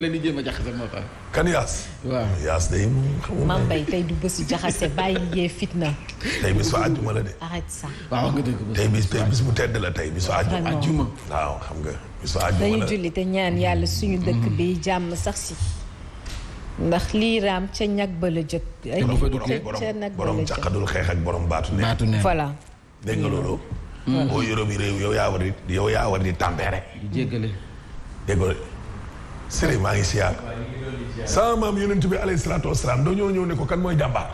leen di jéem a jaxase moo tax. kan yaas. waaw yaas day moom xamuma. tey du bésu jaxase bàyyi yee fitna. tey bis fa àjjuma la de. arrête ça. tey bis bu tedd la tey bis fa àjjuma. àjjuma waaw xam nga. bis fa àjjuma la dañuy julli ñaan yàlla suñu mm. dëkk bi jàmm sax si. ndax lii raam ca ñag la jot. ay ca nag ba la borom caqadul xeex ak borom baatu ne. baatu ne voilà. dégg nga loolu. Mm. boo yoroo bi réew yow yaa war di yow yaa sëriñ maa ngi siyaar sama maam yonent bi alayhi salaatu wasalaam dañoo ñëw ne ko kan mooy jàmbaar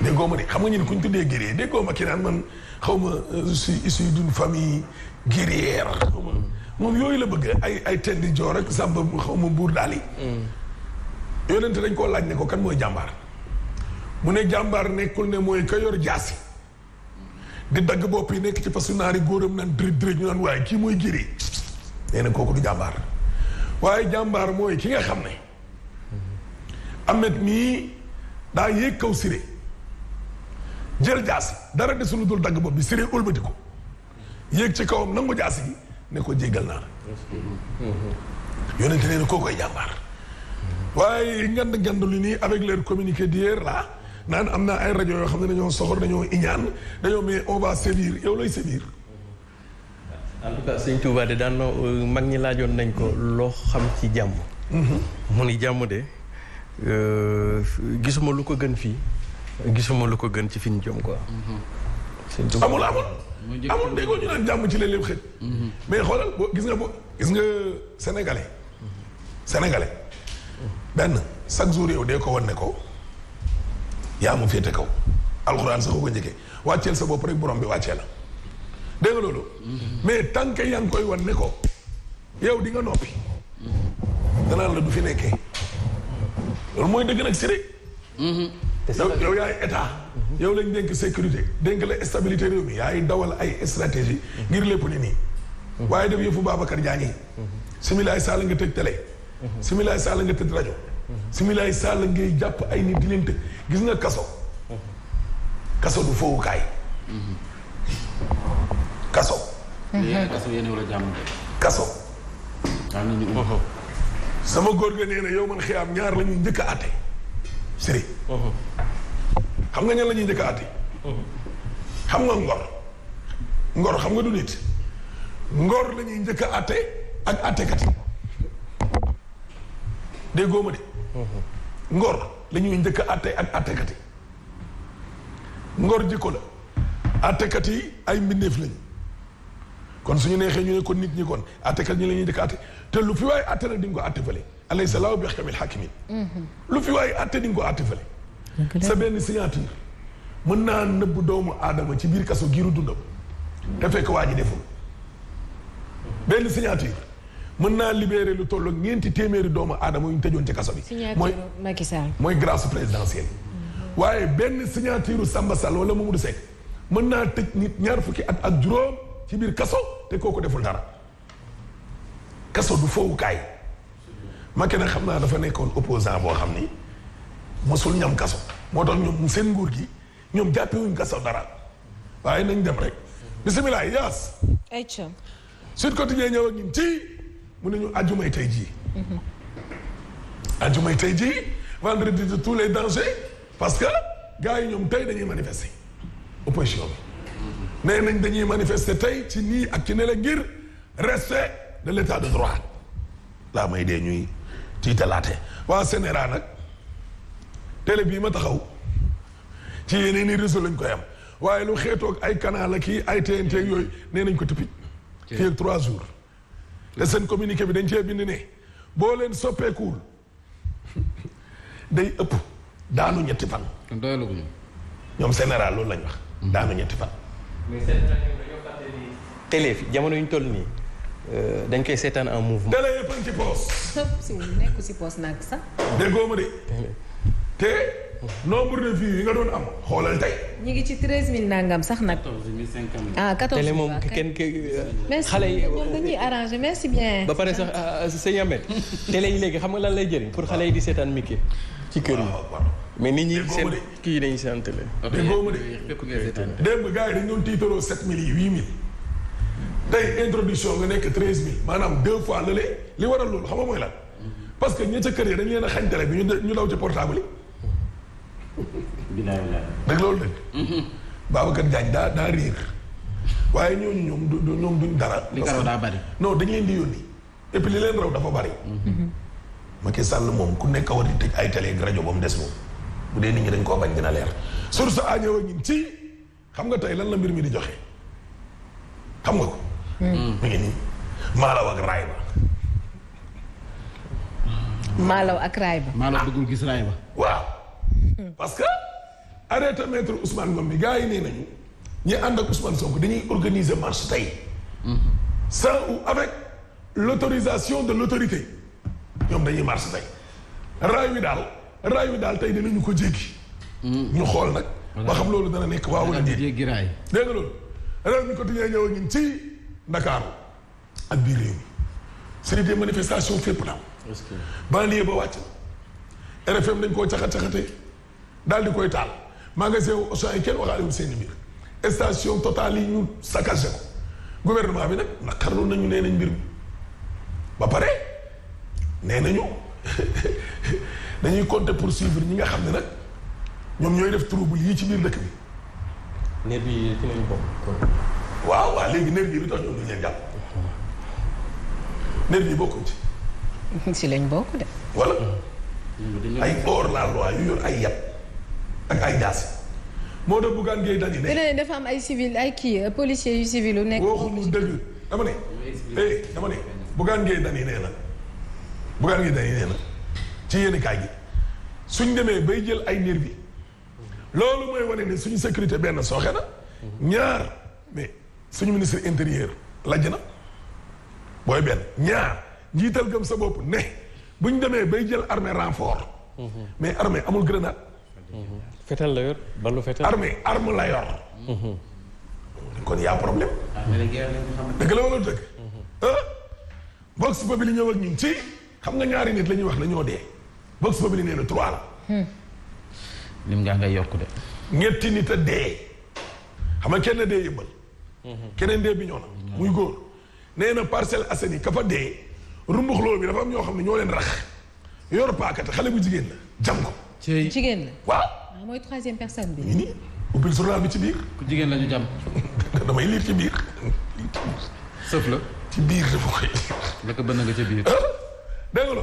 déggoo ma de xam nga ñun kuñ tuddee guerrier déggoo ma ki naan man xaw ma je euh, suis issu d'une famille guerrière xaw ma moom yooyu la bëgg ay ay tendi joor rek sàmba xaw ma buur daal yi mm. yonent dañ koo laaj ne ko kan mooy jàmbaar mu ne jàmbaar nekkul ne mooy ka yor jaasi di dagg bopp nekk ci fasu naari góoram naan dërëj dërëj ñu naan waaye kii mooy guerrier nee na kooku du jàmbaar waaye jàmbaar mooy ki nga xam ne Ahmed mii daa yéeg kaw Siré jël jaasi dara desul lu dul dagg bopp bi Siré ëlbati ko yéeg ci kawam nangu jaasi gi ne ko jéggal naa la yonente nee na kookoy jàmbaar waaye ngand ngand lu nii avec leur communiqué d'hier là naan am naa ay rajo yoo xam ne dañoo soxor dañoo iñaan dañoo mais on va sévir yow lay sévir en tout cas sëñ euh, mag ñi laajoon nañ ko loo xam ci jàmm. Mhm. mu ni jàmm de euh, gisuma lu ko gën fii gisuma lu ko gën ci fi ñu jëm quoi. Mhm. sëñ Touba amul amul amul déggoo ñu naan jàmm ci leen lépp xëy. Mhm. mais xoolal boo gis nga boo gis nga sénégalais. sénégalais benn chaque jour yow de ko wan ne ko yaa mu féete kaw alxuraan sax ko jege wàcceel sa bopp rek borom bi wàccee la. dégg loolu. mais tant que yaa koy wan ne yow dinga nga noppi. danaan la du fi nekkee. loolu mooy dëgg nag si rek. Mm-hmm. yow yaay état. yow lañ dénk sécurité dénk la stabilité réew mi yaay dawal ay stratégie ngir lépp ni nii. waaye def yëfu Babacar Diagne. Mm-hmm. similaay Sall nga tëj télé. Mm-hmm. similaay Sall nga tëj rajo. similaay Sall ngay jàpp ay nit di tëj gis nga kaso. kaso du fowukaay. Mm-hmm. kaso. yéen kaso yéen wala kaso. sama góor ga nee na yow man xiyaam ñaar la njëkk a àtte sëriñ. Uh-huh. xam nga ñan lañuy ñuy njëkk àtte. Uh-huh. xam nga ngor. ngor xam nga du nit. ngor lañuy njëkk a àtte ak àttekat yi. déggoo ma de. Uh-huh. ngor la njëkk a àtte ak àttekat yi. ngor jikko la. àttekat yi ay mbindeef lañ kon suñu neexee ñu ne kon nit ñi kon attekat ñi la ñuy dëkk atte te lu fi waaye atte nag di nga ko atte fële alay salaaw bi xamil hakimin mhm. lu fi sa benn signature mën naa nëbb doomu aadama ci biir kaso giiru dundam te fekk waa ji deful benn signature mën naa libéré lu tolloo ñeenti téeméeri doomu aadama yu ñu tëjoon ci kaso bi mooy Macky Sall mooy grâce présidentielle mhm. waaye benn signature Samba Sall wala Mamadou Seck mën naa tëj nit ñaar fukki at ak juróom ci biir kaso te kooku deful dara kaso du fowukaay Macky nag xam naa dafa nekkoon opposant boo xam ni mosul ñam kaso moo tax ñoom seen nguur gi ñoom jàppewuñ kaso dara waaye nañ dem rek bisimilah yaas Sud Quotidien ñëw ak ñun ci mu ne ñu ajumay tey jii ajumay tey jii vendredi de tous les dangers parce que gars yi ñoom tey dañuy manifester opposition bi nee nañ dañuy manifester tey ci nii ak ci ne ngir respect de l' état de droit laa may dee ñuy tiitalaate waa Sénéra nag télé bii ma taxaw ci yeneen i réseau lañ koy am waaye lu xeetoog ay canal la kii ay TNT yooyu nee nañ ko tëpit fii trois jours le seen communiqué bi dañ cee bind ne boo leen soppeekuwul day ëpp daanu ñetti fan. ñoom Sénéra loolu lañ wax mm-hmm. daanu ñetti fan mais télé fi jamono yu ñu toll nii euh, dañ koy seetaan en mouvement. télé yëpp sax. déggoo ma de. te nombre yi nga doon am xoolal tey. ñu ngi ci treize mille nangam sax nag. quatorze mille cinquante ah quatorze moom kenn euh, xale yi moom dañuy euh, arrangé merci bien. ba pare sax sëñ Ahmed télé yi léegi xam nga lan lay jëriñ pour xale yi di seetaan Mickey. ci kër yi mais nit ñi seen kii yi dañuy seen télé. déggoo démb gars yi dañu doon tiitaroo sept mille yi huit mille. tey introduction nga nekk treize mille maanaam deux fois lële li waral loolu xam nga mooy lan. parce que ñi ca kër yi dañu leen a xañ télé bi ñu daw ci portable yi. bilaay bilaay. dëgg loolu dëgg. Babacar Diagne daa daa riir. waaye ñooñu ñoom du ñoom duñ dara. li daa bari. non dañ leen di yónni et puis li leen raw dafa bari. Mhm. Macky Sall moom ku nekk war di tëj ay télé ak rajo ba mu des moom bu dee nit ñi dañ koo bañ dina leer source a ñëw ñun ci xam nga tey lan la mbir mi di joxe xam nga ko mu hmm. ngi nii maalaw ak raay ba maalaw ak raay ba maalaw bëggul gis raay ba waaw hmm. parce que arrêté metre Ousmane Ngom bi gars yi nee nañu ñi ànd ak Ousmane Sonko dañuy organiser marche tey hmm. sans ou avec l'autorisation de l'autorité ñoom dañuy marché tey raay wi daal raay wi daal tey dinañu ko jéggi ñu xool nag ba xam loolu dana nekk waaw wala déet dégg nga loolu réew mi ko tijjee ñëw ñun ci Ndakaaru ak biir réew mi c'est des manifestations fépp daal banlieue ba wàcc na RFM dañ koo caxat-caxatee daal di koy taal magasin wu Auchan yi kenn waxaalewul seen mbir station Total yi ñu saccagé ko gouvernement bi nag naqarlu nañu nee nañ mbir mi ba pare nee nañu dañuy compter poursuivre ñi nga xam ne nag ñoom ñooy def bu yii ci biir dëkk bi. nervi yi ci lañu bokk. waaw waaw léegi nervi yi lu tax ñoom duñ leen jàpp. nervi yi bokkuñ ci. si lañ bokk de. wala mm. ay hors la loi yu yor ay yat ak ay jaas. moo tax Bougane Gueye Dany ne. dafa am ay civil ay kii policiers yu civil yu nekk. waxuñu dëgg dama ne. Eh, dama ne Bougane Gueye Dany nee Bougane Gueye Dany nee na ci yéen kaay gi suñ demee bay jël ay bi loolu mooy wane ne suñu sécurité benn sooxe na ñaar mais suñu ministre intérieur lajj na booy benn ñaar njiital gëm sa bopp ne buñ demee bay jël armée renfort mais armée amul grenade fetal la yor balu fetal armée arme la yor kon y'a problème ah, dëgg la wala dëgg box bi li ñun ci xam nga ñaari nit la ñuy wax ne ñoo dee vox populi nee na trois la. Hmm. lim ngaa ngay yokk de. ñetti nit a dee. xam nga kenn dee yëmbal. Hmm. keneen dee bi ñoo na hmm. muy góor nee na Parcelles Assainies ka fa dee rumbuxloo bi dafa am ñoo xam ne ñoo leen rax yor paakate xale bu jigéen la jam ko. jigéen la waaw. Ah, mooy troisième personne bi. nii ubbil journal bi ci biir. ku jigéen la ñu jam. damay liir ci biir. sëf la. ci biir dafa koy. naka bënn nga ca biir. dégg nga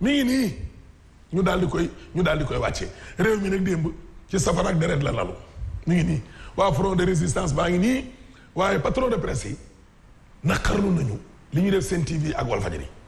mi ngi nii ñu daal di koy ñu daal di koy wàcce réew mi nag démb ci safara ak deret la lalu mu ngi nii waa front de résistance baa ngi nii waaye patron de presse yi naqarlu nañu li ñu def seen TV ak Walfadjri